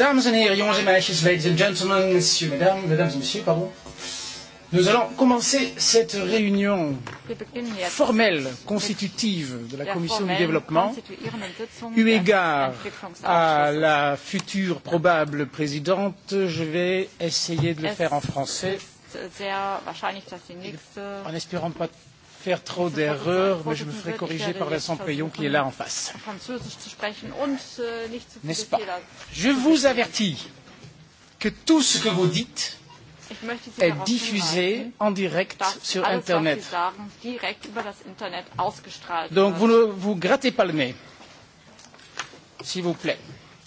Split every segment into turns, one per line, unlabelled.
Dames et heren, jongens en ladies and gentlemen, messieurs, mesdames, mesdames et messieurs, pardon. Nous allons commencer cette réunion formelle, constitutive de la Commission du développement, eu égard à la future probable présidente. Je vais essayer de le faire en français, en espérant pas faire trop d'erreurs, mais je me ferai corriger par Vincent Payon qui est là en face.
Äh, N'est-ce pas
Je vous avertis que tout ce que vous dites
est diffusé
en direct sur Internet. Donc vous ne vous grattez pas le nez, s'il vous plaît.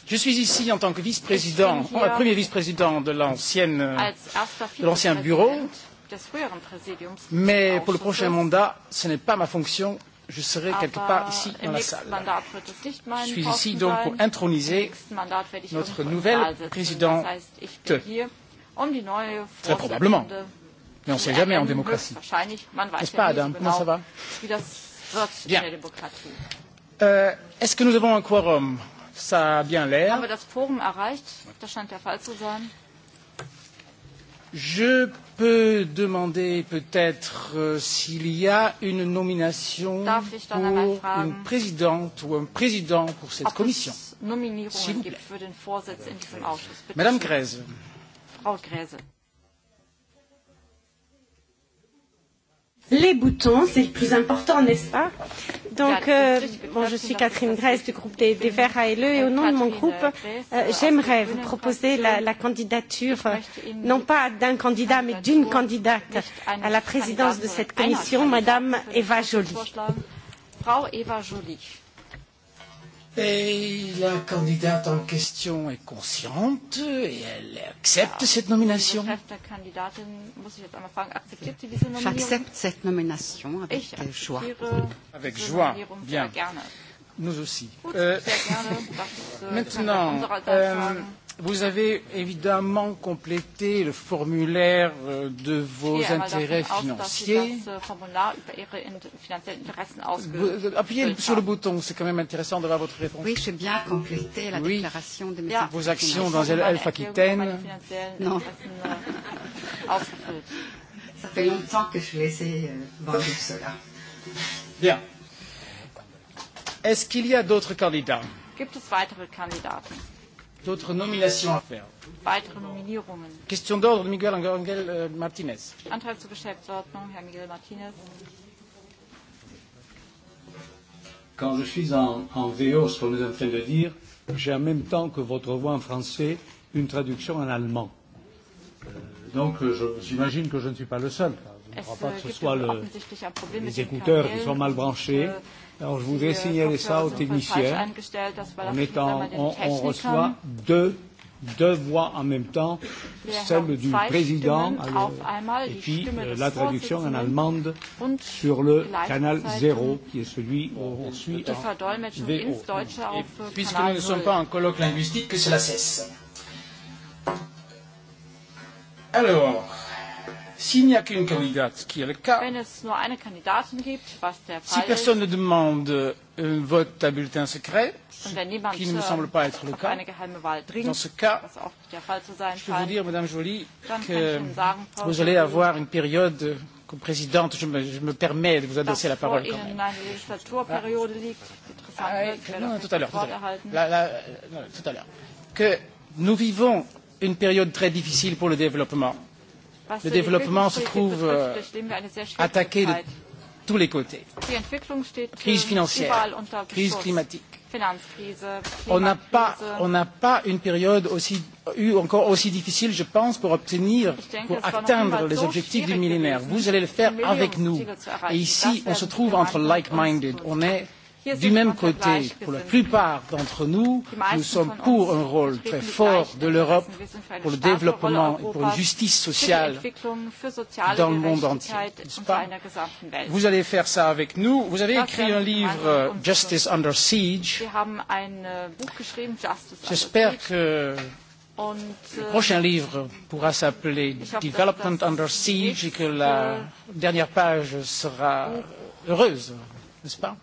Je suis ici en tant que vice-président, premier vice-président de l'ancien bureau. Mais pour le prochain mandat, ce n'est pas ma fonction. Je serai ah quelque part ici dans la salle.
Je suis ici donc pour introniser notre um nouvelle présidente. Um Très probablement.
Mais on ne sait jamais en démocratie.
N'est-ce pas, Adam Comment ça va Bien.
Euh, Est-ce que nous avons un quorum Ça a bien l'air. Je peut demander peut-être euh, s'il y a une nomination pour une présidente ou un président pour cette commission. S'il vous plaît. Madame Grèze.
Frau les boutons, c'est le plus important, n'est-ce pas Donc, euh, bon, je suis Catherine Grèce du groupe des, des Verts ALE et au nom de mon groupe, euh, j'aimerais vous proposer la, la candidature, euh, non pas d'un candidat, mais d'une candidate à la présidence de cette commission, Madame Eva Jolie.
Frau Eva Joly.
Et la candidate en question est consciente et elle accepte ah. cette nomination.
J'accepte
cette nomination avec joie. Avec joie, bien.
Nous aussi. Euh,
äh, maintenant, euh,
Vous avez évidemment complété le formulaire euh, de vos yeah,
intérêts financiers. Äh, appuyez
sur le bouton, c'est quand même intéressant d'avoir votre réponse. Oui, j'ai bien complété la oui. déclaration de mes Vos actions dans Elf Aquitaine. Non. Euh,
Ça fait longtemps que
je laissais ai euh, vendus cela. Bien. Est-ce qu'il y a d'autres candidats?
Gibt es weitere Kandidaten?
d'autres nominations à faire. Weitere
Nominierungen.
Question d'ordre, Miguel Angel euh, Martinez.
Antrag zur Geschäftsordnung, Herr Miguel Martinez.
Quand je suis en, en VO, ce qu'on est en train de dire, j'ai en même temps que votre voix en français une traduction en allemand. Euh, donc euh, j'imagine que je ne suis pas le seul. Car Je ne pas que ce soit le,
les écouteurs qui sont mal branchés.
Alors je voudrais euh, signaler ça aux techniciens.
On, est en, on, on reçoit
deux, deux voix en même temps, celle du président
et puis euh, la traduction en
allemande sur le canal zéro, qui est celui où on
suit en
VO. Et äh, puisque nous ne sommes pas
en colloque linguistique, que cela cesse. Alors... S'il n'y a qu'une candidate, ce qui est le cas, si personne ne demande un vote à bulletin secret,
ce qui ne me äh, semble
pas être le cas, dans ce cas,
je peux
vous dire, Madame Jolie, que
vous allez avoir
une période comme présidente, je me, je me permets de vous adresser la parole quand même. Ah, non, tout à l'heure. Tout à l'heure. Que nous vivons une période très difficile pour le développement Le développement se trouve euh, attaqué de tous les côtés.
Euh, crise financière, crise climatique. Euh, on n'a pas, euh,
pas une période aussi, eu encore aussi difficile, je pense, pour obtenir, pour atteindre les objectifs du millénaire. Vous allez le faire avec nous. Et ici, on se trouve entre like-minded. On est Du même côté, pour la plupart d'entre nous, nous sommes pour un rôle très fort de l'Europe
pour le développement et pour une justice sociale dans le monde entier. Pas vous
allez faire ça avec nous. Vous avez écrit un livre, euh, Justice Under Siege.
Äh, J'espère
que le
äh, prochain
livre pourra s'appeler Development Under Siege et que la dernière page sera heureuse, n'est-ce pas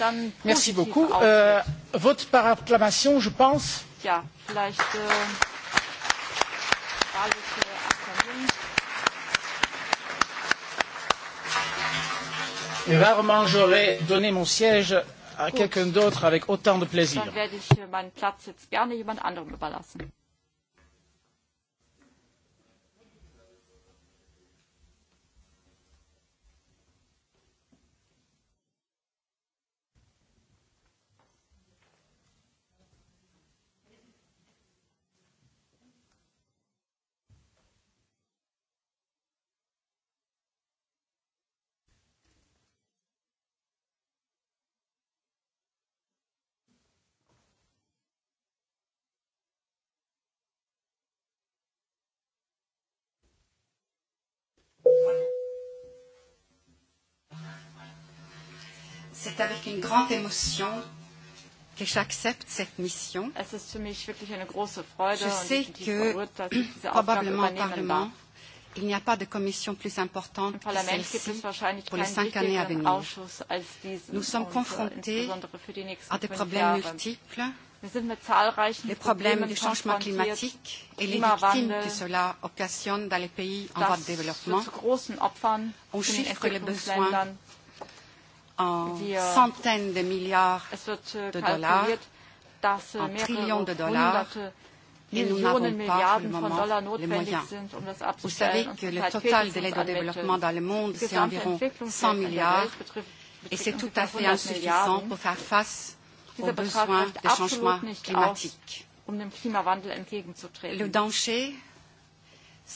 dann Merci beaucoup. Euh,
vote par acclamation, je pense.
Ja, vielleicht. Äh,
Et rarement j'aurais donné mon siège à quelqu'un d'autre avec autant de plaisir. Dann
werde ich meinen Platz jetzt gerne jemand anderem überlassen.
C'est avec une grande émotion que j'accepte cette mission.
Es ist für mich wirklich eine große
Freude Je sais que probablement au Parlement, il n'y a pas de commission plus
importante que celle-ci pour les cinq années à venir. Nous sommes äh, confrontés à des problèmes multiples, les problèmes du changement climatique
et les victimes que cela occasionne dans les pays en voie de développement. On chiffre les besoins en euh, centaines de
milliards de dollars, en trillions de dollars, mais nous n'avons pas pour le moment les moyens. Vous savez que le total de l'aide au développement euh, dans le monde, c'est environ 100 milliards, et c'est tout à fait insuffisant pour faire
face aux besoins de changement climatique.
Um, um
le danger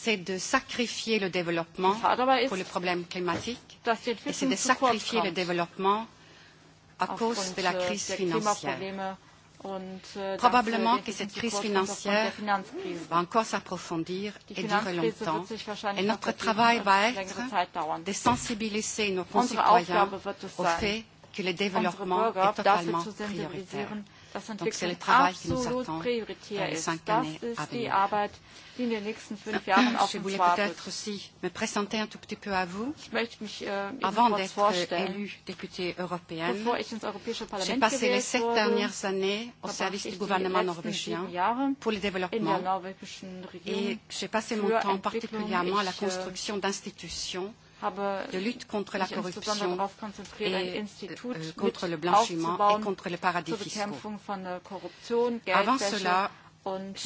c'est de sacrifier le développement pour le problème climatique et c'est de sacrifier le développement à cause de la euh, crise financière.
Euh, Probablement que cette crise financière
va encore s'approfondir et durer longtemps. Et notre travail va être de sensibiliser nos concitoyens au fait que le développement est totalement prioritaire. Das sind dass Entwicklung absolut prioritär ist. Das ist euh, die Arbeit,
die in den nächsten fünf Jahren auf uns wartet.
Ich möchte mich äh, Ihnen kurz vorstellen. Bevor
ich ins Europäische
Parlament gewählt wurde, verbrachte ich die letzten sieben Jahre in der
norwegischen Regierung et j'ai passé mon temps particulièrement à la äh, construction habe
de lutte contre
la corruption et euh, contre le blanchiment et contre les paradis fiscaux. Avant cela,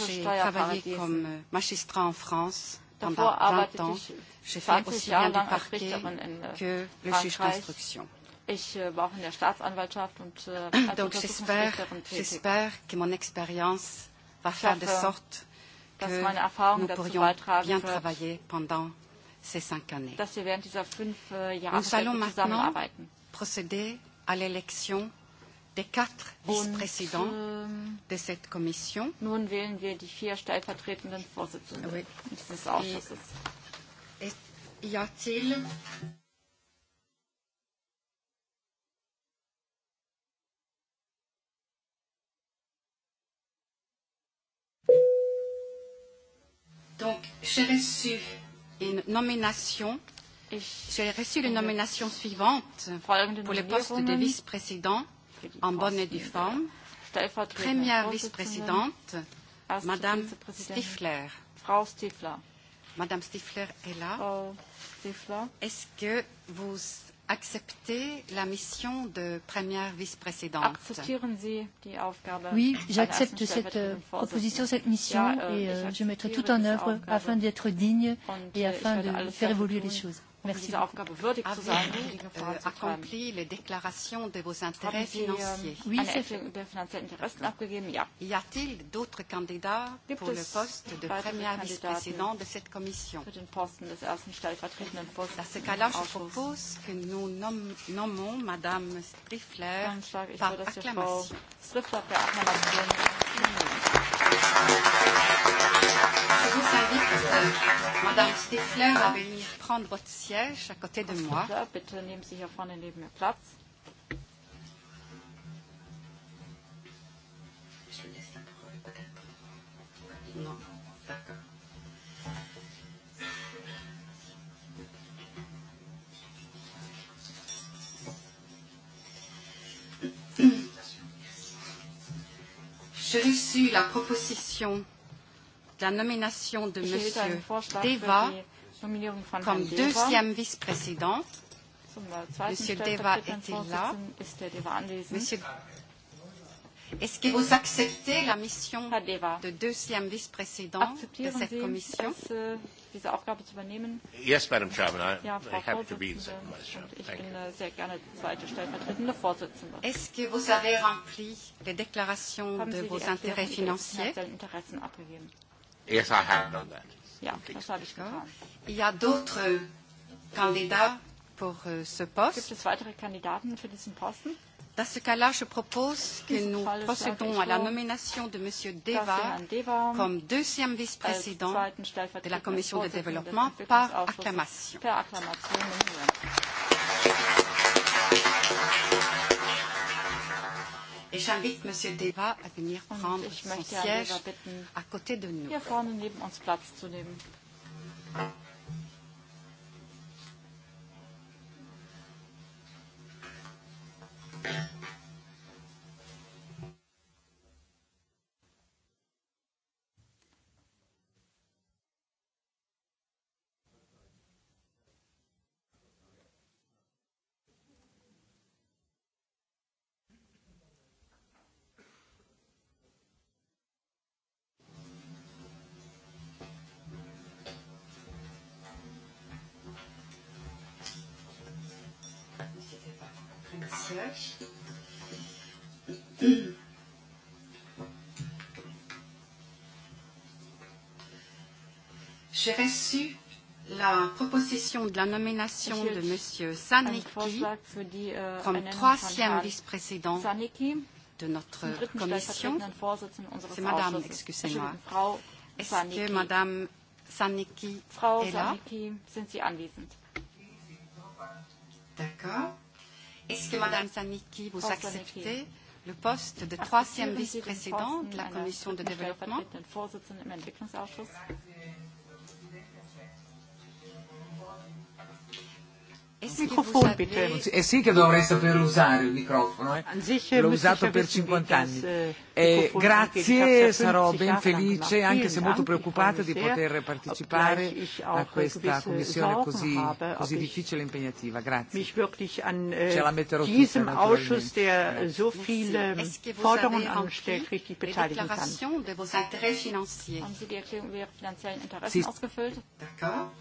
j'ai travaillé comme
euh, magistrat en France pendant 20 ans. J'ai fait aussi bien du parquet eh, que le juge d'instruction.
Ich eh, war auch in der Staatsanwaltschaft und
äh, als Untersuchungsrichterin tätig.
Ich hoffe,
dass meine Erfahrung dazu beitragen
wird, ces cinq années. Dass
wir während dieser fünf äh, Jahre Nous allons maintenant
procéder à l'élection des quatre vice-présidents
ähm,
de cette commission. Nun wählen
wir die vier stellvertretenden Vorsitzenden oui. dieses Ausschusses. et y a-t-il...
Donc, j'ai reçu une nomination. J'ai reçu une nomination suivante pour le poste de vice-président en bonne et due forme. Première vice-présidente, Madame Stifler. Frau Stifler. Madame Stifler est là. Est-ce que vous accepter la mission de première vice-présidente
Oui, j'accepte cette euh, proposition, cette mission,
et äh, euh, je mettrai tout en œuvre afin d'être digne
et äh,
afin de faire
évoluer les choses.
Merci diese Aufgabe würdig zu sein. accompli les déclarations de vos intérêts euh, financiers. Oui, Y a-t-il d'autres candidats pour le poste de premier vice-président de
cette commission Dans
ce cas-là, je propose que nous nommons Madame Striffler par acclamation. Strifler per Madame Stifler à venir prendre votre siège
à côté de moi. Bitte nehmen Sie hier vorne neben mir Platz.
J'ai reçu la proposition la nomination de M. Deva
comme deuxième
vice-président. M. Deva était là. Monsieur... Est-ce que vous acceptez la mission de deuxième
vice-président
de cette commission
diese euh, Aufgabe zu übernehmen.
Yes, Madam Chairman, I, ja, Frau to be the second vice Ich Thank bin you.
Äh, sehr gerne zweite stellvertretende Vorsitzende. Est-ce que
vous avez rempli les déclarations Haben de Sie vos intérêts financiers? Interessen abgegeben?
Yes, I have done
that. das habe ich Il y a d'autres euh, candidats pour euh, ce poste. Dans ce cas-là, je propose que nous procédons à la nomination de M. Deva comme deuxième vice-président de la Commission de développement par acclamation.
Et j'invite M.
Deva à venir prendre son siège
à côté de nous. Hier vorne neben uns Platz zu nehmen. Thank you.
J'ai reçu la proposition de la nomination de M. Saniki
äh, comme troisième
vice-président de notre commission.
C'est Madame, excusez-moi. Est-ce que Madame Saniki est là
D'accord. Est-ce que Madame Saniki, vous acceptez
le poste de troisième
vice-président de la commission de développement
Il microfono perché Eh sì che dovrei saper usare il microfono, eh. l'ho usato per 50 anni. Eh, grazie, sarò ben ah, felice, anche se molto preoccupata di poter partecipare a questa äh, commissione così, così difficile e impegnativa. Grazie. Äh, Ce la metterò tutta, naturalmente.
Sì.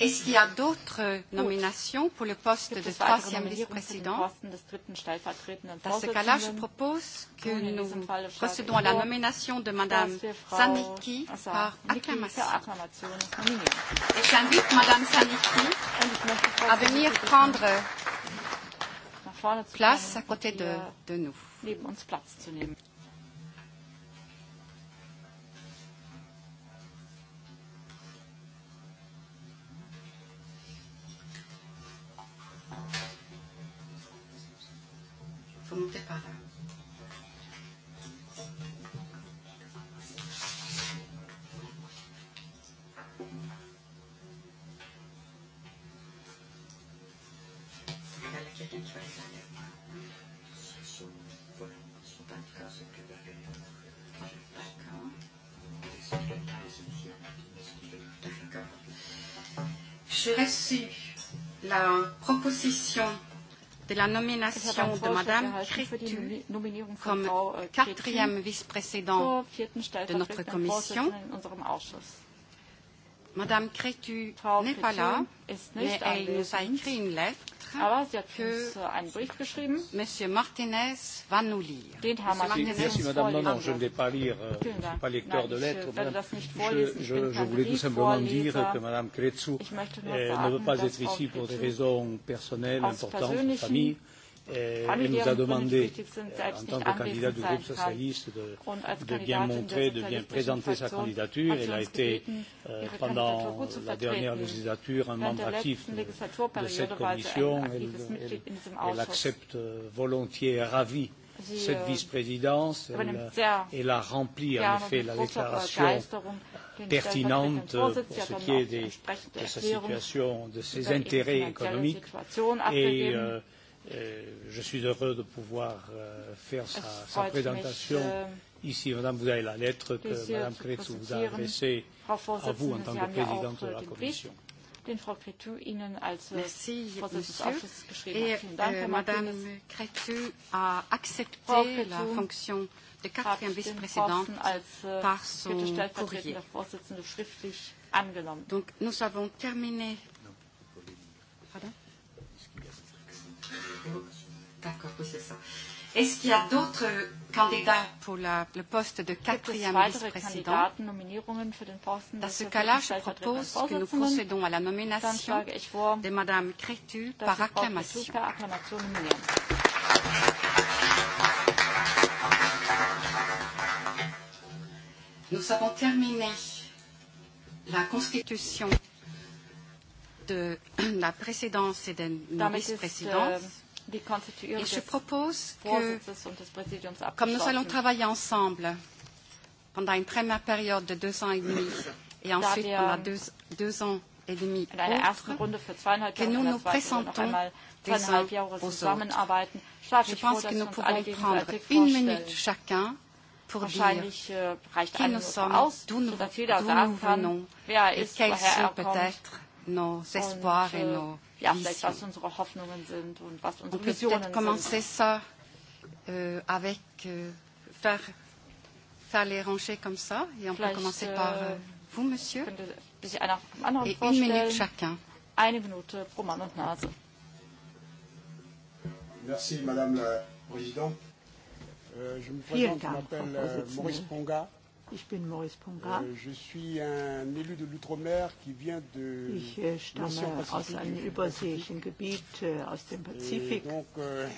Est-ce qu'il y a d'autres euh, nominations pour le poste de troisième vice-président Dans ce cas-là, je
propose que nous procédons à la nomination de Madame Zanicki par acclamation. Et j'invite Madame Zanicki à venir prendre place à côté de, de nous. tkun tipata. J'ai reçu la proposition de la nomination de Madame
Cretu
comme euh, quatrième
vice-présidente
de notre commission Madame Crétu n'est pas là, mais elle nous
a écrit une lettre que äh, Monsieur Martinez
va nous lire.
Merci Madame, non, je ne vais pas lire, euh, je ne suis pas lecteur de äh, lettres.
Je,
je, je voulais tout simplement dire que Madame Crétu ne veut pas être ici pour des raisons
personnelles importantes, de famille. Eh, elle nous a demandé, euh, en tant que candidat du groupe socialiste, de, de bien montrer, de bien présenter sa candidature. Elle a été, euh, pendant la dernière législature, un membre actif de,
de cette commission. Elle, elle, elle
accepte euh, volontiers et ravie cette euh, vice-présidence. Elle, elle a rempli, en effet, la déclaration pertinente pour ce qui est des, de sa situation, de ses intérêts économiques. Et, euh, je suis heureux de pouvoir euh, faire sa, sa présentation euh, ici. Madame, vous avez la lettre que Madame Cretu vous a adressée à vous en tant que présidente de la Commission.
Den Frau Cretu Ihnen als äh, Merci, Monsieur. Et Dank, euh, Madame Cretu a accepté
Cretu la fonction de quatrième vice-présidente euh, par son courrier. Donc, nous avons terminé D'accord, oui, c'est ça. Est-ce qu'il y a d'autres candidats pour la, le poste de quatrième vice-président
Dans ce cas-là, je propose que nous procédons
à la nomination de Mme Crétu par acclamation. Nous avons terminé la constitution de la présidence et de la vice-présidence. Et je
propose que, comme nous allons
travailler ensemble pendant une première période de deux ans et demi, et ensuite pendant deux, deux ans et demi autres,
que nous nous présentons des uns aux autres. Je pense que nous pouvons prendre une minute
chacun pour dire
äh, qui nous sommes, d'où nous, nous venons, et quels sont er peut-être nos espoirs et äh, nos ja, jenseits, was unsere Hoffnungen sind und was unsere und Visionen sind. commencer ça
euh, avec euh, faire, faire les rangées comme ça et on Vielleicht, peut commencer euh, par euh,
vous, monsieur. Könnte, einer vom anderen et une minute chacun. Eine Minute pro
Mann und Nase.
Merci, Madame la Présidente. Euh, je me présente, je m'appelle euh, Maurice Ponga.
Euh, Ich bin Maurice Ponga. Uh,
je suis un élu de l'Outre-mer qui vient de Ich äh, stamme aus einem
überseeischen äh, donc,
euh,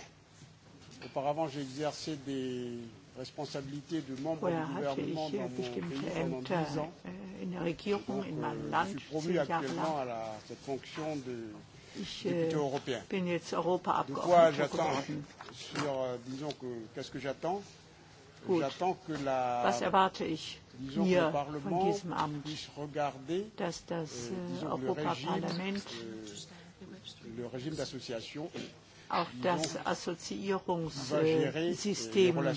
auparavant, j'ai exercé des responsabilités de membre Vorher du gouvernement ich, äh, dans mon pays pendant 10 ans.
Äh, in der Regierung donc, in meinem euh, Land je suis promu actuellement à
la, cette fonction de ich, äh, député européen.
Bin jetzt Europaabgeordneter geworden.
Sur, euh, disons qu'est-ce que, qu que j'attends Gut. La, Was erwarte
ich disons, hier von diesem
Amt, regarder, dass das euh, äh, Europaparlament euh, le régime d'association auch das
Assoziierungssystem euh,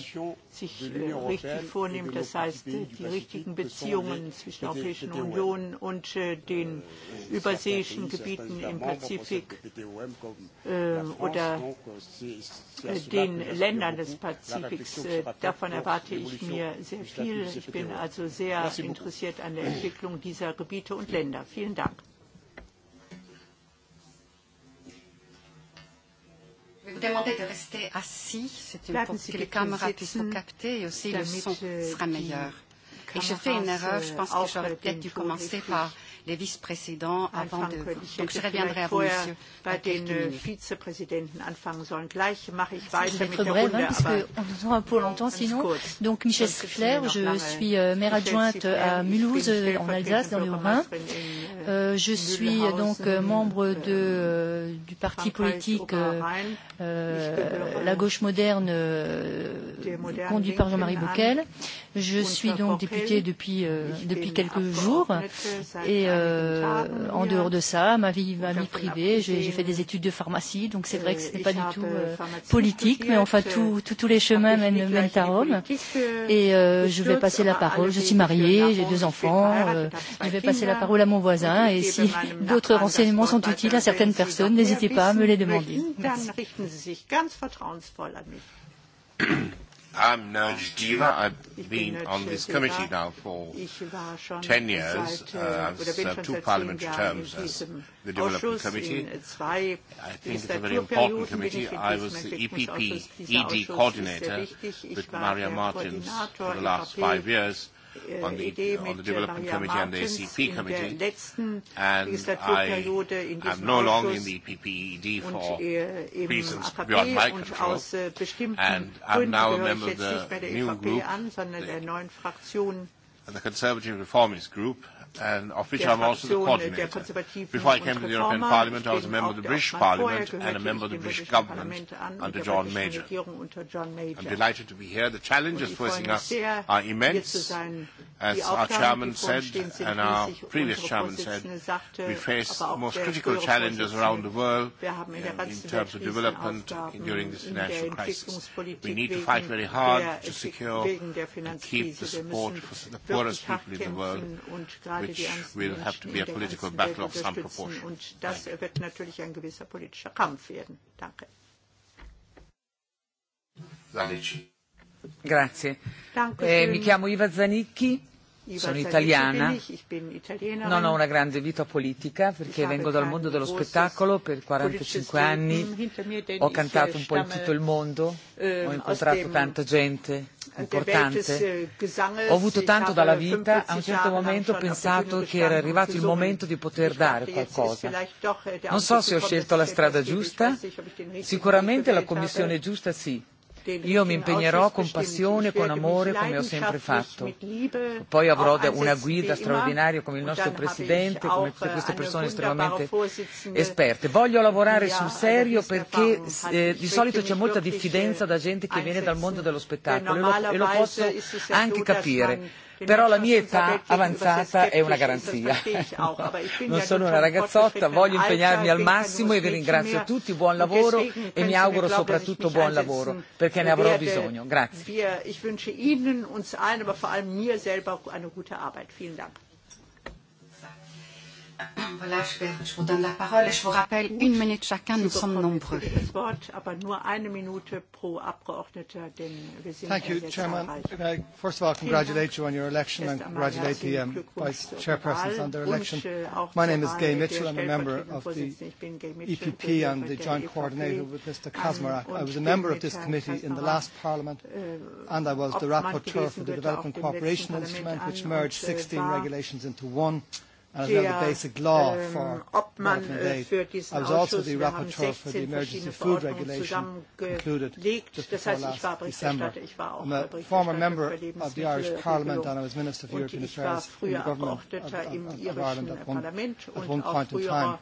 sich äh, richtig vornimmt, das heißt die richtigen Beziehungen zwischen der Europäischen Union und äh, euh, den überseeischen Gebieten im Pazifik ähm, oder euh, äh, den Ländern des Pazifiks. Davon erwarte ich mir sehr viel. Ich bin also sehr interessiert an der Entwicklung dieser Gebiete und Länder. Vielen Dank.
demander de rester assis, c'était pour que les caméras puissent vous capter et aussi le son euh, sera meilleur. Et je fais une erreur, je pense que euh, j'aurais peut-être dû commencer par
les vice-présidents avant de... Donc je reviendrai à vous, monsieur. Bei den äh, Vizepräsidenten anfangen sollen. Gleich mache ich weiter mit der Runde. Hein, parce
qu'on nous entend pour longtemps sinon. Donc Michel Schiffler, je suis euh, maire adjointe euh, à Mulhouse, euh, en Alsace, dans le Rhin. je suis donc membre de, du parti politique euh, La Gauche Moderne, conduit par Jean-Marie Bockel. Je suis donc députée depuis, depuis quelques jours et euh, euh, en dehors de ça, ma vie, ma vie privée, j'ai fait des études de pharmacie, donc c'est vrai que ce euh, n'est pas du tout euh, euh politique, mais enfin tout, euh, tout, tous les chemins mènent, mènent à Rome. Et euh, je vais passer la parole. Je suis mariée, j'ai deux enfants. Euh, je vais passer la parole à mon voisin et si d'autres renseignements sont utiles à certaines personnes, n'hésitez pas à me les demander. Merci.
I'm Nerj Diva. I've been on this committee now for
10 years. Uh, äh, I've served two parliamentary terms as the Development Committee. I think it's a very important committee. I was the EPP ED e coordinator with Maria Martins for the last five e years Uh, on the, Idee on the äh, Development
Maria Committee and the ACP e Committee. And I am no longer in
the
e PPED for e, reasons beyond my control. Aus,
äh, and I'm now a member of the new e group, an, the,
the Conservative Reformist Group, and of which I'm also the coordinator. Before I came to the European Parliament, I was a member of the British Parliament and a member of the British government under John Major.
I'm delighted
to be here. The challenges facing us are immense.
As our chairman said
and our
previous chairman said,
we face the most critical challenges
around the world in terms of development during this financial crisis. We need to fight very hard to secure and keep the support for the poorest people in the world which will have to be a political battle of some proportion.
Und das Thank wird natürlich ein gewisser politischer Kampf werden. Danke.
Grazie. Eh, mi chiamo Iva Zanicchi,
Iva sono italiana. Non ho una
grande vita politica perché vengo dal mondo dello spettacolo per 45 anni.
Ho cantato un po' in tutto il
mondo, ehm, ho incontrato tanta gente importante.
Ho avuto tanto dalla vita, a un certo
momento ho pensato che era arrivato il momento di poter dare qualcosa. Eh, non so se ho scelto la strada giusta, sicuramente la commissione giusta sì Io mi impegnerò con passione, con amore, come ho sempre fatto. Poi avrò una guida straordinaria come il nostro Presidente, come tutte queste persone estremamente esperte. Voglio lavorare sul serio perché eh, di solito c'è molta diffidenza da gente che viene dal mondo dello spettacolo e lo, e lo posso anche capire però la mia età avanzata è una garanzia. E non sono una ragazzotta, voglio impegnarmi al massimo e vi ringrazio tutti, buon lavoro e mi auguro soprattutto buon lavoro perché ne avrò bisogno. Grazie.
Voilà, je, vais,
je vous donne la parole et je vous rappelle une minute chacun, nous sommes nombreux.
Thank you, Chairman. Can I first of all congratulate you on your election
and congratulate the um,
Vice Chairpersons on their election. Äh, My name is Gay Mitchell. I'm a member of the
EPP e and the Joint e Coordinator with Mr. Kazmarak. I was a member of this committee in the last Parliament äh, and I was the rapporteur for the Development Cooperation Instrument, which merged 16 äh, regulations into one and I know the basic law um, for Obmann uh, I was also the rapporteur for the emergency food regulation included just before last December. I'm a former member of the Irish Parliament and I was Minister for European Affairs in the government
of, of, of, of Ireland at one, at one point in time.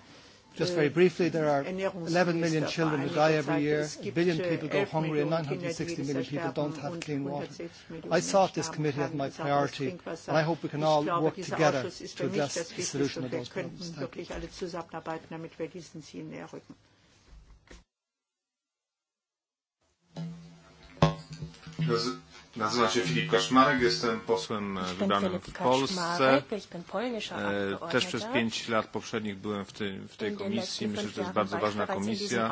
Just very briefly, there are 11 äh, million children who die every year, a billion äh, people go hungry, and 960 million people don't have clean water. I sought this committee as my priority, and I hope we can all work together to address the solution of those problems.
Thank you.
Das Nazywam się Filip Kaszmarek, jestem posłem e, wybranym w Polsce.
E, też przez pięć
lat poprzednich byłem w, tej, w tej komisji. Myślę, że to jest bardzo ważna komisja.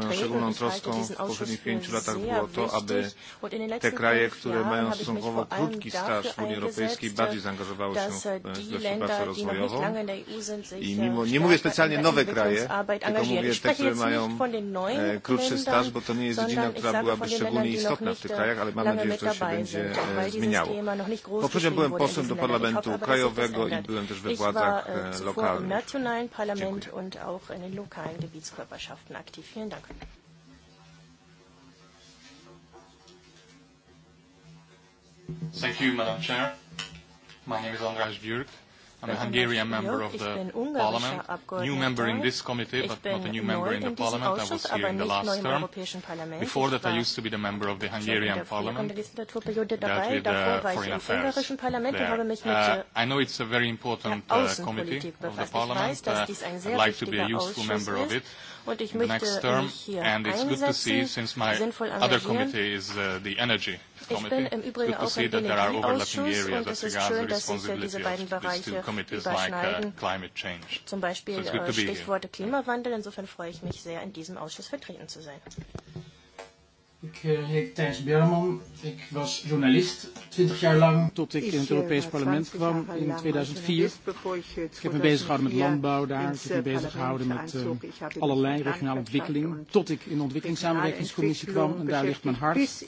Moją szczególną troską w poprzednich pięciu latach było to, aby
te kraje, które mają stosunkowo krótki staż w Unii Europejskiej, bardziej
zaangażowały się w e, współpracę rozwojową. I mimo, nie mówię specjalnie nowe kraje, tylko mówię
te, które mają krótszy staż, bo to nie jest dziedzina, która byłaby szczególnie istotna w tych
krajach, ale mam nadzieję, że to się będzie e, zmieniało.
Poprzednio byłem posłem do Parlamentu Krajowego i byłem też we władzach e, e, lokalnych. Dziękuję.
Thank you, Madam Chair. My name is Andras Björk. I'm a Hungarian member of the parliament, new member in this committee, but not a new member in the parliament. I was here in the last term. Before that, I used to be the member of the Hungarian parliament,
dealt with uh, foreign affairs there. Uh,
I know it's a very important uh, committee of the parliament. Uh, I'd like to be a useful member of it und ich möchte next term, mich hier and it's good to see, since my other committee is uh, the energy Ich bin im Übrigen auch im Energieausschuss und es ist schön, dass sich diese beiden Bereiche uh, überschneiden,
zum Beispiel äh, Stichworte Klimawandel. Insofern freue ich mich sehr, in diesem Ausschuss vertreten zu sein.
Ich eh, heiße Thijs Berman, ich war journalist 20 jaar lang tot ik in het Europees parlement kwam in 2004.
Ik heb me bezig gehouden met landbouw daar. Ik heb me bezig gehouden met uh, allerlei
regionale ontwikkeling. Tot ik in de ontwikkelingssamenwerkingscommissie kwam. En daar ligt mijn hart.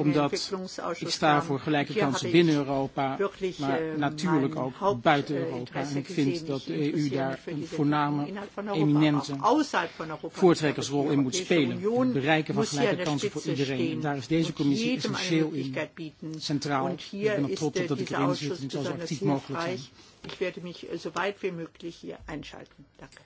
Omdat ik sta voor gelijke kansen binnen Europa. Maar ehm, natuurlijk ook
buiten eh, Europa. En ik vind dat de EU e daar een voorname,
eminente
voortrekkersrol in moet spelen. Het bereiken van gelijke kansen voor iedereen. En daar is deze commissie
essentieel in.
Centraal Frau. Und
hier ist äh, dieser Ausschuss besonders hilfreich. Ich werde mich äh, so weit wie möglich hier einschalten. Danke.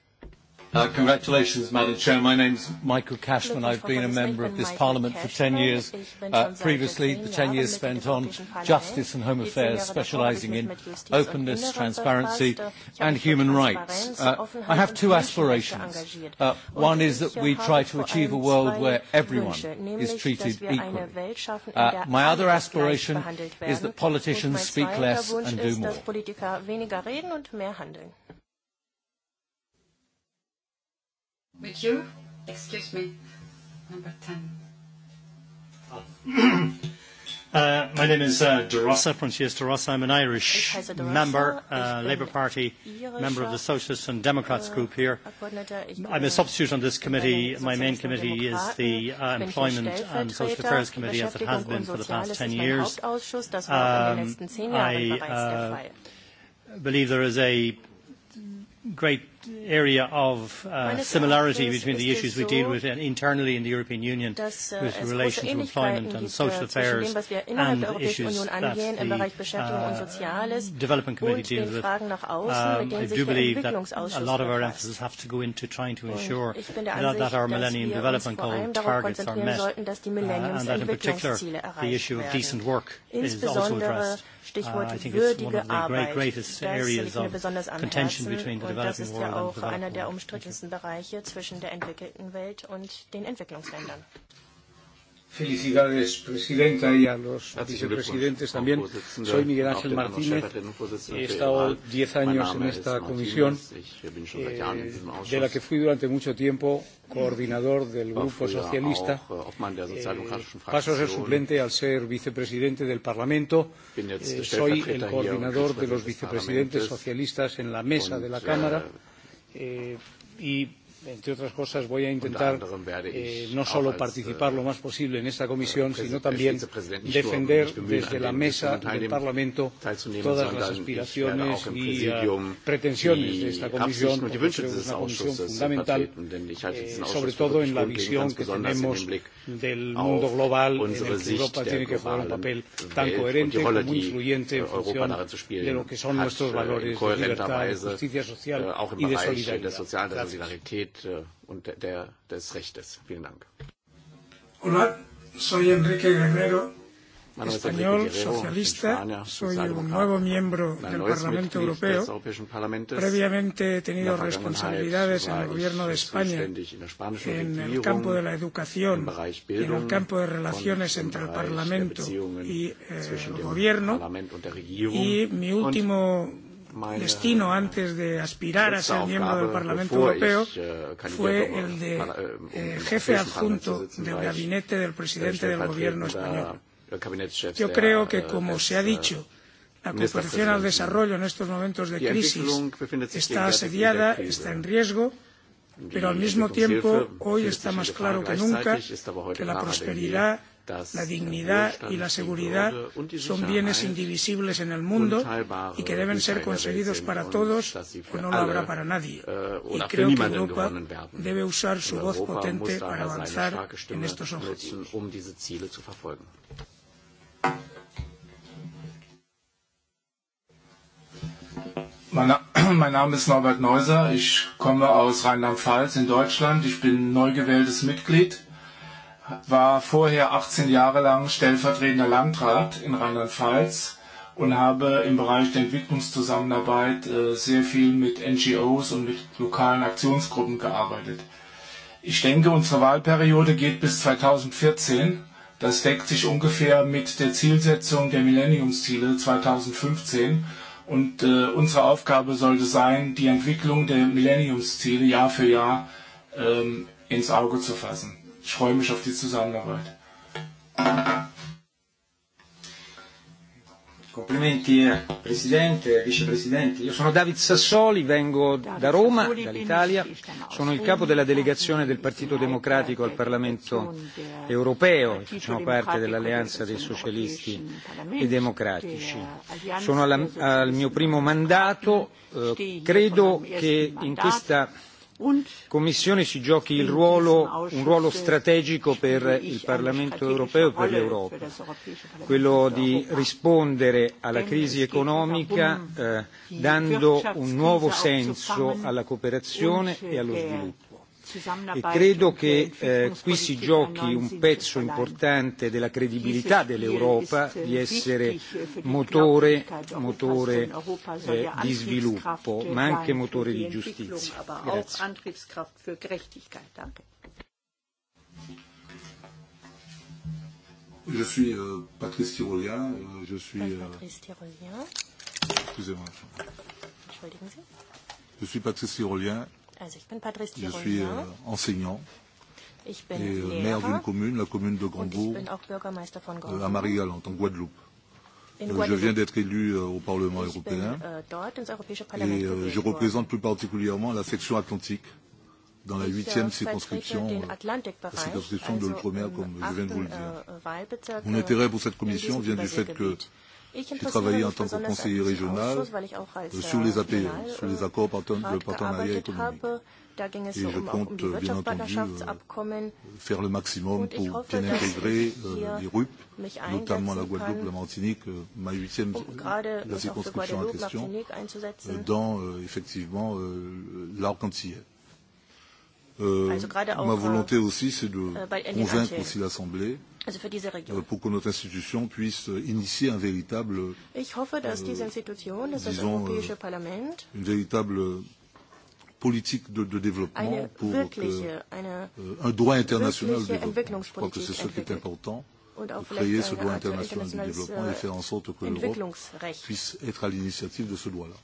Uh, congratulations, Madam Chair. My name is Michael Cashman. Uh, I've been a member of this Parliament for 10 years. Uh, previously, the 10 years spent on justice and home affairs, specialising in openness, transparency and human rights. Uh, I have two aspirations. Uh,
one is that we try to achieve a world where everyone is treated equally. Uh, my other aspiration is that politicians speak less and do more.
With you? Excuse me. Number 10. Ah.
uh, my name is uh, Derossa, Francis Derossa. I'm an Irish member, uh, Labour Party, member of the Socialists and Democrats group here. I'm a substitute on this committee. My main committee is the uh, Employment and Social Affairs Committee, as it has been for the past 10 years. Um, I uh, believe there is a great area of uh, similarity between the issues we deal with internally in the European Union with äh, relation to employment and social äh, affairs and the issues that the uh, Development Committee deals with. Um, I do believe that a lot of our emphasis have to go into trying to ensure that, that our Millennium Development Goal targets are met uh, and that in particular the issue of decent work is also addressed. Uh, I think it's one of the great, greatest
areas of contention between the developing world auch einer der umstrittensten Bereiche zwischen der entwickelten Welt und den Entwicklungsländern.
Felicidades, Presidenta, y a los vicepresidentes también. Soy Miguel Ángel Martínez. He estado 10 años en esta comisión, eh, de la que fui durante mucho tiempo coordinador del Grupo Socialista. Äh, eh, paso a ser suplente al ser vicepresidente del Parlamento. Eh, soy el coordinador de los vicepresidentes socialistas en la mesa de la Cámara. Eh, eh, y entre otras cosas, voy a intentar eh, no solo participar lo más posible en esta comisión, sino también defender desde la mesa del Parlamento todas las aspiraciones y uh, pretensiones de esta comisión, porque es una comisión fundamental, eh, sobre todo en la visión que tenemos del mundo global en el que Europa tiene que jugar un papel tan coherente como muy influyente en función de lo que son nuestros eh, valores de libertad, de justicia social eh, y de solidaridad. Gracias äh, und der, des Rechtes. Vielen Dank. Hola, soy Enrique Guerrero,
Manuel español, socialista, soy un nuevo miembro del Parlamento Europeo. Previamente he tenido responsabilidades en el Gobierno de España,
en el campo de la educación y en el campo de relaciones entre el Parlamento y eh, el Gobierno. Y mi último my, destino eh, antes de aspirar a ser miembro del Parlamento Europeo eh, fue el de eh, eh jefe adjunto del gabinete del presidente del gobierno español. Yo creo que, como se ha dicho, la cooperación al desarrollo en estos momentos de crisis está asediada, está en riesgo, pero al mismo tiempo hoy está más claro que nunca que la prosperidad La äh, dignidad y la seguridad son bienes indivisibles en el mundo y que deben ser conseguidos para todos o no lo habrá para nadie. Äh, y creo que Europa debe usar su voz potente para avanzar en estos objetivos. Um
mein Name ist Norbert Neuser, ich komme aus Rheinland-Pfalz in Deutschland, ich bin neu gewähltes Mitglied war vorher 18 Jahre lang stellvertretender Landrat in Rheinland-Pfalz und habe im Bereich der Entwicklungszusammenarbeit äh, sehr viel mit NGOs und mit lokalen Aktionsgruppen gearbeitet. Ich denke, unsere Wahlperiode geht bis 2014. Das deckt sich ungefähr mit der Zielsetzung der Millenniumsziele 2015. Und äh, unsere Aufgabe sollte sein, die Entwicklung der Millenniumsziele Jahr für Jahr ähm, ins Auge zu fassen. Ich freue mich auf die Zusammenarbeit.
Complimenti eh, Presidente, Vicepresidente. Io sono
David Sassoli, vengo da Roma, dall'Italia, sono il capo della delegazione del Partito Democratico al Parlamento europeo, facciamo parte dell'alleanza dei socialisti e democratici. Sono alla, al mio primo mandato, eh, credo che in questa Commissione si giochi il ruolo, un ruolo strategico per il Parlamento europeo e per l'Europa, quello di rispondere alla crisi economica eh, dando un nuovo senso alla cooperazione e allo sviluppo E credo che eh, qui si giochi un pezzo importante della credibilità dell'Europa di essere e motore, motore eh, di
sviluppo, ma anche motore di giustizia. Grazie.
Je suis euh, Patrice Tirolien. Euh, je suis. Euh... Patrice
Tirolien.
Excusez-moi. Je suis Patrice Tirolien
Je suis euh, enseignant ich bin et euh, maire d'une
commune, la commune de Grandbourg,
euh, à
Marie-Galante, en Guadeloupe. que euh, Guadeloupe. Je viens d'être élu euh, au Parlement ich européen bin,
euh, dort et euh, je représente
plus particulièrement la section atlantique dans la huitième äh, circonscription, euh,
la circonscription de l'Outre-mer, comme je viens de vous le dire. Äh, Mon intérêt pour cette äh, commission vient du fait que J'ai travaillé en tant que conseiller régional euh, sur les euh, APE,
sur les euh, accords de partenariat économique.
Et je um compte, um bien entendu,
faire le maximum pour bien intégrer les RUP,
notamment la Guadeloupe, la
Martinique, ma huitième, um la circonscription en question, dans, effectivement, l'arc antillais. Euh, ma äh, volonté aussi, c'est de äh, convaincre aussi l'Assemblée
euh,
pour que notre institution puisse euh, initier un véritable, disons, une véritable politique de, de développement pour que,
eine, un droit international de développement. Je crois que c'est ce qui est important de créer ce droit international du développement et faire en sorte que l'Europe
puisse être à l'initiative de ce droit-là.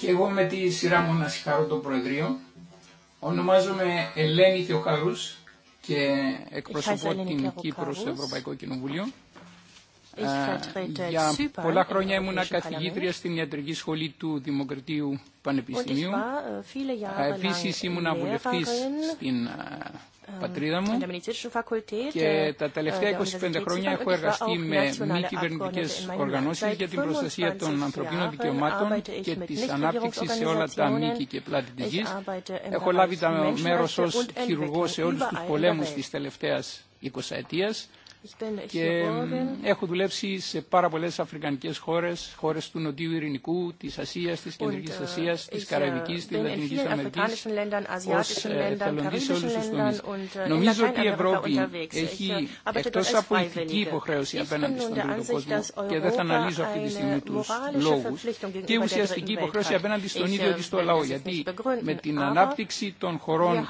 Και εγώ με τη σειρά μου να συγχαρώ το Προεδρείο. Ονομάζομαι Ελένη Θεοχαρούς και εκπροσωπώ την Κύπρο Ευρωπαϊκό Κοινοβούλιο.
Για πολλά χρόνια ήμουν καθηγήτρια στην
ιατρική σχολή του Δημοκρατίου Πανεπιστημίου.
Επίση ήμουν βουλευτή
στην πατρίδα μου
και τα τελευταία 25 χρόνια έχω εργαστεί με μη κυβερνητικέ οργανώσει για την προστασία των ανθρωπίνων δικαιωμάτων
και τη ανάπτυξη σε όλα τα μήκη και πλάτη τη γη. Έχω λάβει τα μέρο ω χειρουργό σε όλου του πολέμου τη τελευταία 20 ετία και έχω δουλέψει σε πάρα πολλέ Αφρικανικέ χώρε, χώρε του Νοτιού Ειρηνικού, τη Ασία, τη Κεντρική Ασία, τη Καραϊβική, τη Λατινική Αμερική, Ω εθελοντή σε όλου του τομεί. Νομίζω ότι η Ευρώπη έχει εκτό από ηθική υποχρέωση απέναντι στον τρίτο κόσμο και δεν θα αναλύσω αυτή τη στιγμή του λόγου.
και ουσιαστική υποχρέωση απέναντι στον ίδιο τη το λαό
γιατί με την ανάπτυξη των χωρών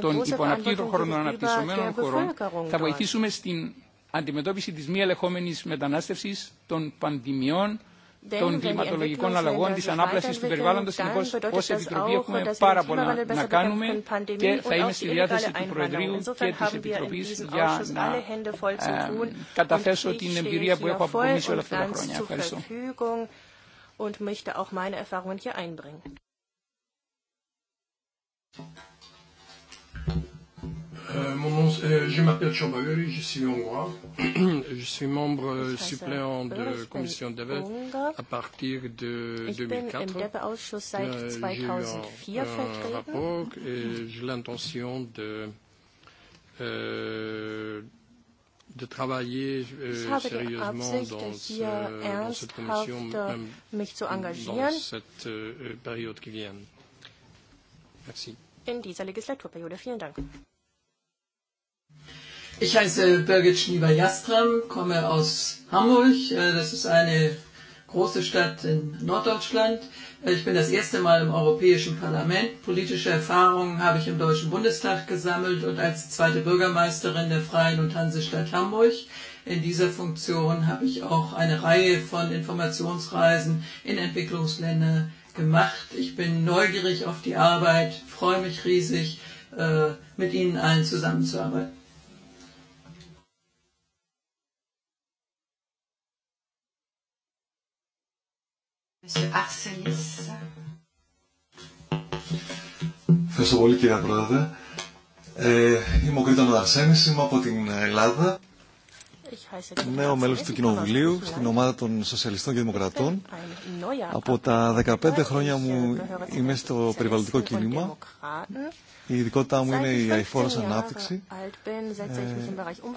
του, των υποαναπτύτων χωρών των αναπτυσσομένων χωρών θα βοηθήσουμε
στην αντιμετώπιση της μη ελεγχόμενης μετανάστευσης των πανδημιών,
των κλιματολογικών αλλαγών, της ανάπλασης του περιβάλλοντος. Συνεπώς, ως Επιτροπή έχουμε πάρα πολλά να κάνουμε και θα είμαι στη διάθεση του Προεδρείου και της Επιτροπής για να καταθέσω την εμπειρία που έχω αποκομίσει όλα αυτά τα χρόνια. Ευχαριστώ. Und möchte auch meine Erfahrungen hier einbringen.
Euh, euh, je m'appelle Chambaguri, je suis hongrois. je suis membre euh, suppléant de la commission d'Avet à partir de 2004. J'ai
eu un, rapport
et j'ai l'intention de, de travailler sérieusement dans, ce, dans cette commission, même dans cette période qui vient. Merci.
In dieser Legislaturperiode. Vielen Dank.
Ich heiße Birgit Schnieber-Jastram, komme aus Hamburg. Äh, das ist eine große Stadt in Norddeutschland. Äh, ich bin das erste Mal im Europäischen Parlament. Politische Erfahrungen habe ich im Deutschen Bundestag gesammelt und als zweite Bürgermeisterin der Freien und Hansestadt Hamburg. In dieser Funktion habe ich auch eine Reihe von Informationsreisen in Entwicklungsländer gemacht. Ich bin neugierig auf die Arbeit, freue mich riesig, äh, mit Ihnen allen zusammenzuarbeiten.
Ευχαριστώ πολύ κύριε Πρόεδρε. Ε, είμαι ο Κρήτον Αρσένης, είμαι από την Ελλάδα
νέο μέλος του Κοινοβουλίου στην ομάδα
των Σοσιαλιστών και Δημοκρατών. Από τα 15 χρόνια μου είμαι στο περιβαλλοντικό κίνημα. Η ειδικότητά μου είναι η αηφόρος ανάπτυξη,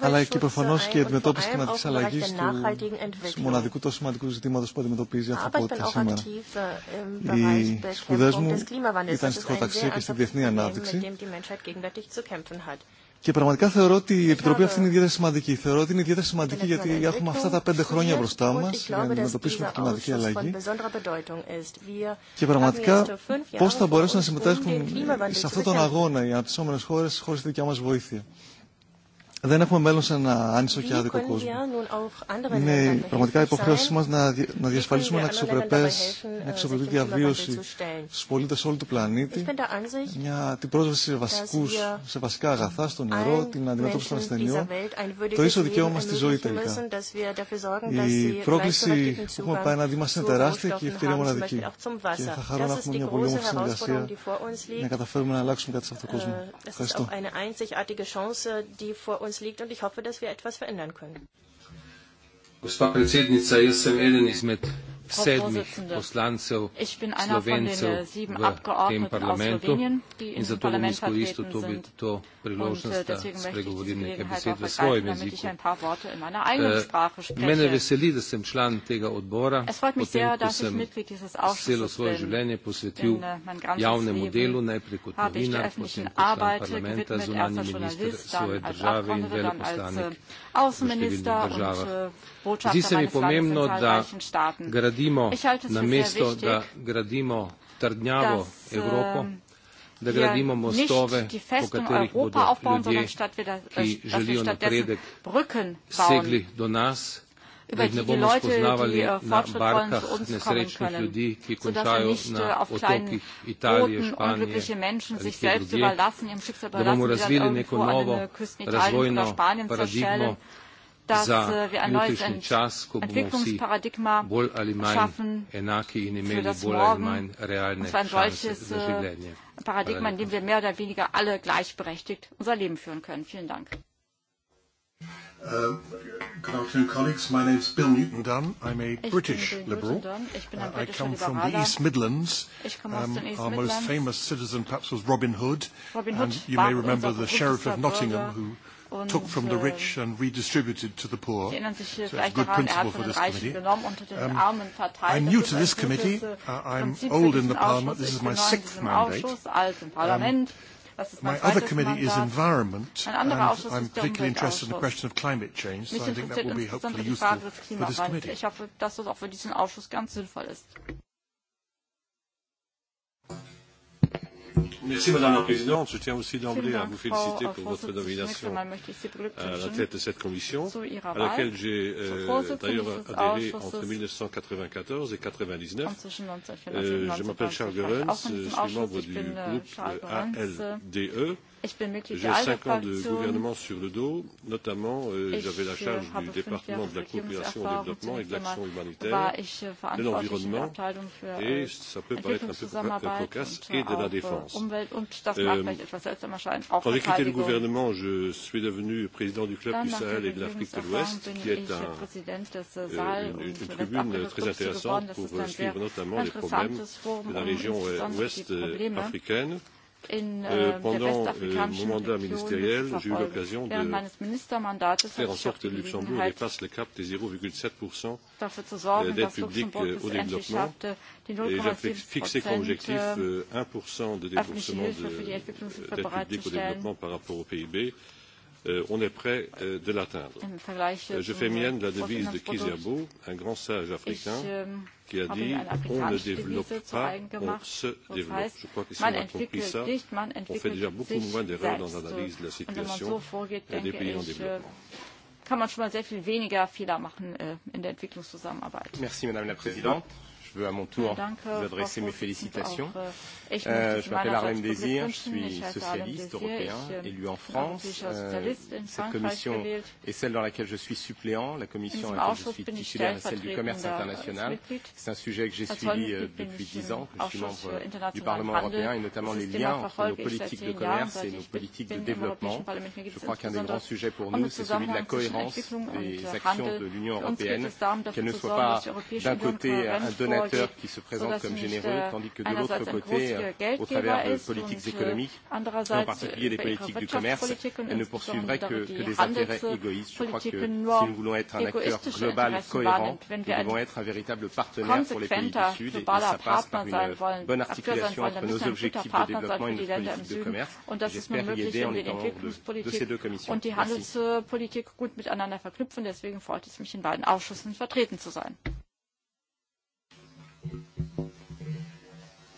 αλλά και προφανώ και η αντιμετώπιση τη κλιματική αλλαγή του μοναδικού
τόσο σημαντικού ζητήματο που αντιμετωπίζει η ανθρωπότητα σήμερα.
Οι σπουδέ μου ήταν στη χωταξία και στη διεθνή ανάπτυξη.
Και πραγματικά θεωρώ ότι η Επιτροπή αυτή είναι ιδιαίτερα σημαντική. Θεωρώ ότι είναι ιδιαίτερα σημαντική γιατί έχουμε αυτά τα πέντε χρόνια μπροστά μα για να αντιμετωπίσουμε την κλιματική αλλαγή.
Και πραγματικά πώ θα μπορέσουν να συμμετάσχουν σε αυτόν τον
αγώνα οι αναπτυσσόμενε χώρε χωρί τη δικιά μα βοήθεια δεν έχουμε μέλλον σε ένα άνισο και άδικο κόσμο.
Είναι πραγματικά υποχρέωση μα
να, να διασφαλίσουμε ένα
αξιοπρεπή διαβίωση στου
πολίτε όλου του πλανήτη, μια, την πρόσβαση σε, βασικούς, σε βασικά αγαθά, στο νερό, την αντιμετώπιση των ασθενειών,
το ίσο δικαίωμα στη ζωή τελικά. Η πρόκληση που έχουμε πάει να μας είναι τεράστια και η ευκαιρία μοναδική. Και θα χαρώ να έχουμε μια πολύ όμορφη συνεργασία να καταφέρουμε
να αλλάξουμε κάτι σε αυτόν τον äh, κόσμο. Ευχαριστώ
uns liegt und ich hoffe, dass wir etwas verändern können.
Gospa predsednica, jaz sem eden izmed sedmi poslancev Slovencev v tem
parlamentu
in zato bom izkoristil to,
to priložnost, äh, da spregovorim nekaj besed v svojem jeziku.
Mene veseli,
da sem član tega odbora, potem, ko sem celo svoje življenje posvetil äh, javnemu delu, najprej kot novinar, potem kot parlamenta, zunanji minister svoje države in äh, veleposlanik
v številnih državah. Zdi se mi pomembno, da gradimo
gradimo na mesto da gradimo trdnjavo äh, Evropo, da gradimo mostove, po katerih bodo ljudje,
ki äh, želijo napredek, segli
do nas,
da jih ne bomo spoznavali äh, na
barkah nesrečnih
ljudi, ki končajo na otokih Italije, Španije ali kje drugje,
da bomo razvili neko novo razvojno paradigmo,
dass Za äh, wir ein neues Ent Entwicklungsparadigma schaffen enaki in für das Morgen, und zwar ein solches äh, Paradigma, in
dem wir mehr oder weniger alle gleichberechtigt unser Leben führen können. Vielen Dank.
Uh, good afternoon, colleagues. My name is Bill Newton Dunn. I'm a ich British
Liberal. Uh, I come from the East
Midlands.
Um, East Midlands. Our most famous
citizen perhaps was Robin Hood.
Robin Hood and you may remember the Sheriff of Nottingham who took
from the äh, rich and redistributed to the poor. So it's a good er principle for this committee. Um,
I'm new to this committee. Uh, I'm old in the parliament. This is my sixth mandate. Um, my other committee is
environment, and I'm particularly
interested in the question
of climate change, so I think that will be hopefully useful for this committee. Merci Madame la Présidente. Je tiens aussi d'emblée à vous féliciter pour votre nomination à
la tête
de cette commission, à laquelle j'ai euh, d'ailleurs adhéré entre 1994 et 1999.
Euh, je m'appelle Charles Goerens, je suis membre du äh,
groupe ALDE J'ai cinq ans de gouvernement sur le dos, notamment euh, j'avais la charge du département de la coopération au développement et de l'action humanitaire, de l'environnement, euh, et ça peut paraître un peu cocasse, et de euh, la défense.
Euh, quand j'ai quitté le gouvernement,
je suis devenu président du club du Sahel et de l'Afrique de l'Ouest, qui est
un, euh, une, une tribune très intéressante pour suivre notamment les problèmes de la région euh, ouest africaine. Euh, Euh, euh, pendant euh, mon mandat ministériel, j'ai eu l'occasion de faire en sorte que le Luxembourg
dépasse le cap des 0,7%
äh, ähm, d'aide publique au développement et j'ai fixé comme objectif
1% de déboursement d'aide publique au développement par rapport au PIB. Euh, on est prêt euh, de l'atteindre.
Je fais äh, mienne la devise de Kizerbo,
un grand sage africain. Ich, ähm,
qui a dit on ne développe pas, on
se développe. Je crois que si on a compris ça, on fait déjà beaucoup moins d'erreurs dans l'analyse de la situation des pays en
développement. Äh, kann man schon mal sehr viel weniger Fehler machen äh, in der Entwicklungszusammenarbeit.
Merci, Madame la Présidente je veux à mon tour euh, vous adresser mes félicitations. Euh, je m'appelle Arlène Désir, je suis socialiste européen, ähm, élu en France. Euh, cette commission est celle dans laquelle je suis suppléant, la commission à laquelle je suis titulaire est celle du commerce international. C'est un sujet que j'ai suivi euh, depuis dix ans, que je suis membre du Parlement européen et notamment les liens entre nos politiques de commerce et nos politiques de développement. Je crois qu'un des grands sujets pour nous, c'est celui de la cohérence des actions de l'Union européenne, qu'elle ne soit pas d'un côté un donateur acteurs qui se présentent comme généreux, tandis que de l'autre côté, au travers de politiques économiques, et en particulier des euh, politiques du commerce, elles ne poursuivraient que, que des intérêts égoïstes. Je crois que si nous voulons être un acteur global cohérent, nous devons être un véritable partenaire pour les pays du Sud et, et ça passe par une bonne articulation entre nos objectifs de développement et nos politiques de commerce. J'espère y aider en étant membre de, de ces deux commissions.
Merci.
politik gut miteinander verknüpfen. Deswegen freut es mich, in beiden Ausschüssen vertreten zu sein.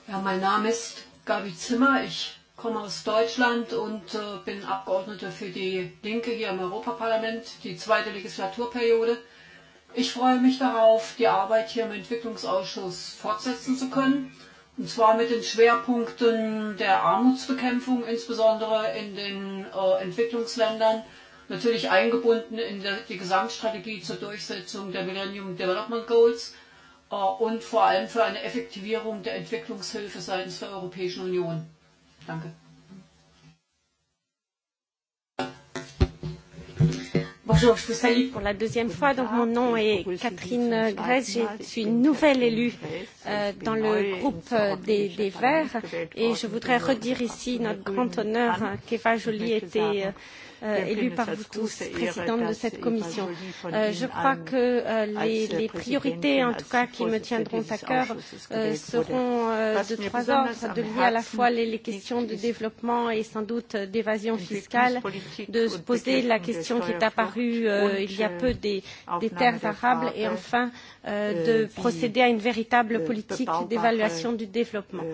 Ja, mein Name ist Gabi Zimmer. Ich komme aus Deutschland und äh, bin Abgeordnete für die Linke hier im Europaparlament, die zweite Legislaturperiode. Ich freue mich darauf, die Arbeit hier im Entwicklungsausschuss fortsetzen zu können, und zwar mit den Schwerpunkten
der Armutsbekämpfung, insbesondere in den äh, Entwicklungsländern, natürlich eingebunden in der, die Gesamtstrategie zur Durchsetzung der Millennium Development Goals –
Äh, und vor allem für eine Effektivierung der Entwicklungshilfe seitens der Europäischen Union.
Danke. Bonjour, je vous salue pour la deuxième fois. Donc, mon nom est Catherine Grèce. Je suis une nouvelle élue euh, dans le groupe euh, des, des Verts. Et je voudrais redire ici notre grand honneur euh, qu'Eva Jolie était. Euh, euh, par vous tous, présidente de cette commission. Euh, je crois que euh, les, les priorités, en tout cas, qui me tiendront à cœur, euh, seront euh, de trois ordres, de lier à la fois les, les questions de développement et sans doute euh, d'évasion fiscale, de se poser la question qui est apparue euh, il y a peu des, des terres arables et enfin euh, euh de procéder à une véritable euh, politique d'évaluation du développement.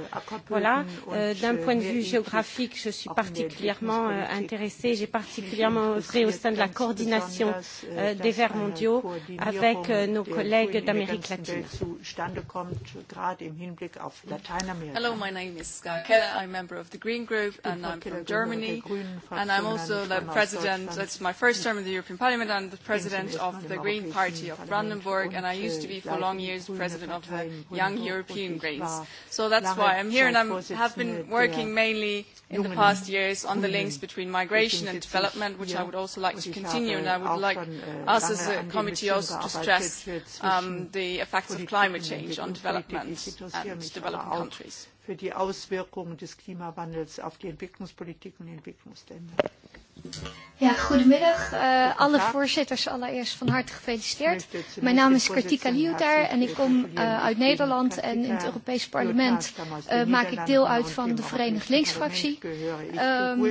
Voilà, euh, d'un point de vue géographique, je suis particulièrement intéressée, j'ai participé particulièrement vrai au sein de la coordination euh, des Verts mondiaux avec euh, nos collègues d'Amérique latine.
Hello, my
name is Ska Keller. I'm a member of the Green Group and I'm from Germany. And I'm also the president, it's my first term in the European Parliament, I'm the president of the Green Party of Brandenburg and I used to be for äh, long years president of the Young European Greens. So that's why I'm here and I have been working mainly in the past years on the links between migration and development development, which yeah, I would also like to continue, and I would like uh, us as a committee also to stress um, the effects of climate change on development and developing countries.
Für die Auswirkungen des Klimawandels auf die Entwicklungspolitik und Entwicklungsländer.
Ja, goedemiddag. Uh, alle voorzitters allereerst van harte gefeliciteerd. Mijn naam is Kartika Liutar en ik kom uh, uit Nederland. En in het Europees Parlement uh, maak ik deel uit van de Verenigd Links-fractie. Um,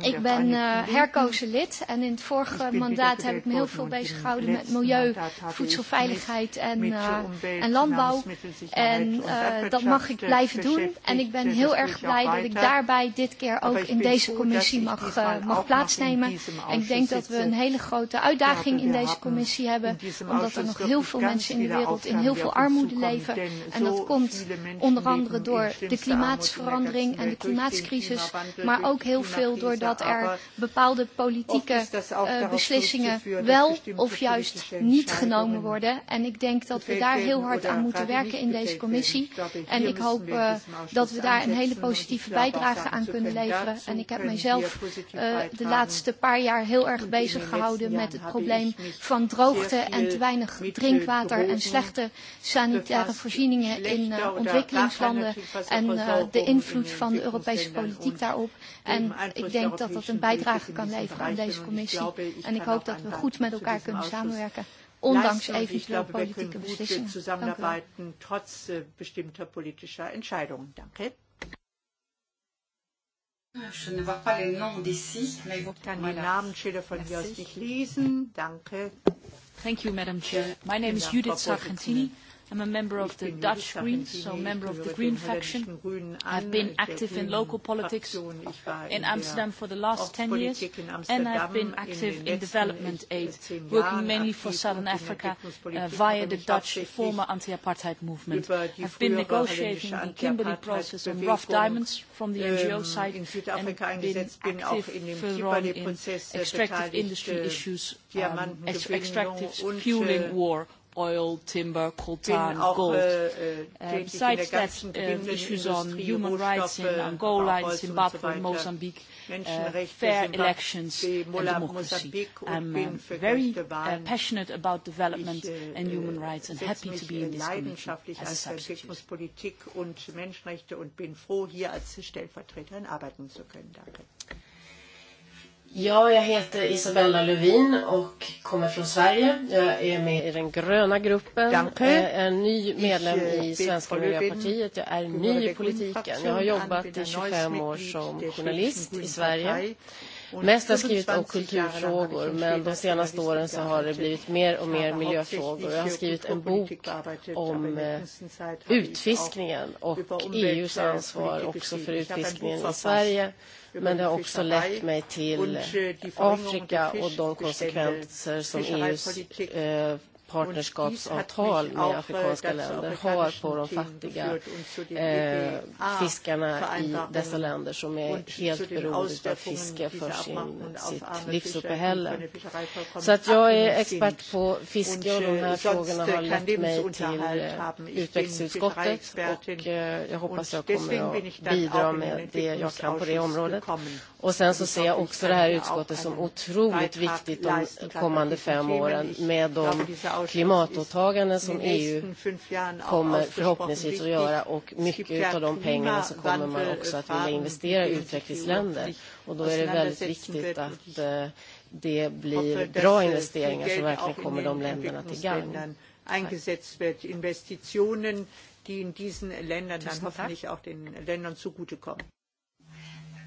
ik ben uh,
herkozen lid en in het vorige mandaat heb ik me heel veel bezig gehouden met milieu, voedselveiligheid en, uh, en landbouw. En uh, dat mag ik blijven doen. En ik ben heel erg blij dat ik daarbij dit keer ook in deze commissie mag, uh, mag mag plaatsnemen. En ik denk dat we een hele grote uitdaging in deze commissie hebben, omdat er nog heel veel mensen in de wereld in heel veel armoede leven. En dat komt onder andere door de klimaatsverandering en de klimaatscrisis. maar ook heel veel doordat er bepaalde politieke uh, beslissingen wel of juist niet genomen worden. En ik denk dat we daar heel hard aan moeten werken in deze commissie. En ik hoop uh, dat we daar een hele positieve bijdrage aan kunnen leveren. En ik heb mijzelf uh, de laatste paar jaar heel erg bezig gehouden met het probleem van droogte en te weinig drinkwater en slechte sanitaire voorzieningen in uh, ontwikkelingslanden en uh, de invloed van de Europese politiek daarop. En ik denk dat dat een bijdrage kan leveren aan deze commissie. En ik hoop dat we goed met elkaar kunnen samenwerken ondanks eventuele politieke beslissingen. Dank u wel. Je ne vois pas les noms d'ici, mais vous... Namen
schilder von Merci. Jörg nicht lesen. Danke. Thank you, Madam Chair. My name is Judith Sargentini.
I'm a member of the Dutch Greens, so a member of the Green
faction. I've been active in local politics
in Amsterdam for the last 10 years, and I've been active in development aid, working mainly for Southern Africa uh, via the Dutch former anti-apartheid movement. I've been negotiating the Kimberley process on rough diamonds
from the NGO ähm, side, and been active further on in extractive industry issues, um, extractive fueling äh,
war oil, timber, coltan, uh, gold. Uh, uh, uh besides that, uh, issues on human rights in Angola, in Zimbabwe, in Mozambique, uh, fair elections and democracy. I'm uh, very
uh, passionate about development and human rights and happy to be in this committee as a substitute. und Menschenrechte und bin froh, hier als Stellvertreterin arbeiten zu können. Danke.
Ja, jag heter Isabella Lövin och kommer från Sverige. Jag är med i den gröna gruppen. Jag är eh, ny eh, medlem i Svenska Miljöpartiet. Jag är ny i politiken. Jag har jobbat i 25 år som journalist i Sverige mest har skrivit om kulturfrågor men de senaste åren så har det blivit mer och mer miljöfrågor. Jag har skrivit en bok om eh, utfiskningen och EUs ansvar också för utfiskningen i Sverige. Men det har också lett mig till eh, Afrika och de konsekvenser som EUs eh, partnerskapsavtal med äh, afrikanska länder har på de fattiga eh, e fiskarna i dessa länder som är helt beroende av fiske för sin, sitt livsuppehälle. Så att jag är expert på fiske och de här äh, frågorna äh, har lett mig till utvecklingsutskottet och eh, jag hoppas jag kommer att bidra med det jag kan på det området. Och sen så ser jag också det här utskottet som otroligt viktigt de kommande fem åren med de klimatåtagande som EU
kommer förhoppningsvis att göra
och mycket av de pengarna så kommer man också att vilja investera i utvecklingsländer och då är det väldigt viktigt att eh, det blir bra eh, investeringar som verkligen kommer de länderna till gang. eingesetzt
wird, Investitionen, die in diesen Ländern dann hoffentlich auch den Ländern zugutekommen.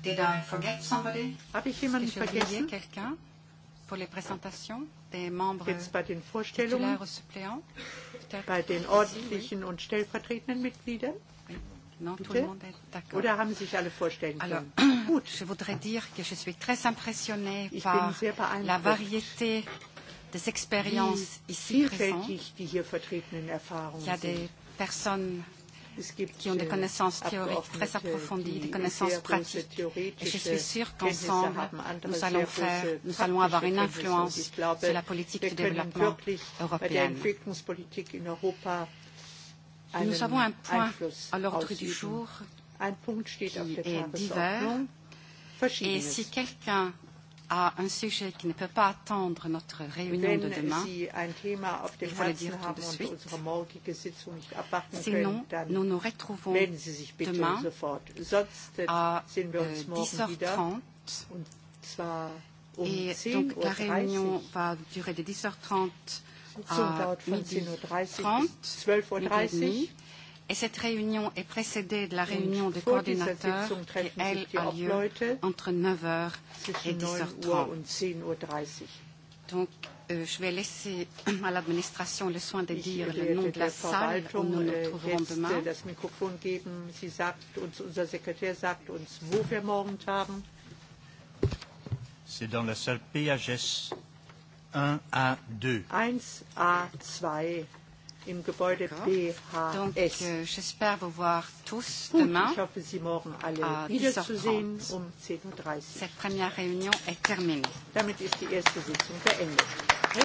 Did I forget somebody? Habe ich jemanden vergessen? Pour les
présentations? des membres jetzt bei den Vorstellungen bei den ordentlichen und stellvertretenden Mitgliedern. Non, tout le monde est d'accord. Oder haben sich alle vorstellen können?
Alors, Gut. Je voudrais dire que je suis très impressionnée par la variété des expériences ici présentes.
Die hier vertretenen Erfahrungen
Il y a des personnes qui ont des connaissances théoriques très approfondies, des connaissances pratiques. Et je suis sûre qu'ensemble, nous allons faire, nous allons avoir une influence sur la politique de développement européenne.
Nous avons un point à l'ordre du jour qui est
divers. Et si quelqu'un à un sujet qui ne peut pas attendre notre réunion de demain,
il faut le dire tout de suite. Sinon, nous nous retrouvons demain à 10h30. Euh, um et donc la réunion
va durer de 10h30 à midi 30, 12h30. Et cette réunion est précédée de la réunion des coordinateurs qui, elle, a lieu entre 9h et 10h30. Donc, euh, je vais laisser à l'administration le soin de dire le nom de la salle où nous nous äh, trouverons demain. Das
Mikrofon geben. Sie sagt uns, unser Sekretär sagt uns, wo wir morgen haben.
C'est dans la salle PHS 1A2.
1A2 im Gebäude BHS. Euh, j'espère vous voir tous demain. Ich hoffe, Sie morgen alle
wiederzusehen um 10.30 Uhr. Cette première réunion est terminée. Damit ist die erste Sitzung
beendet.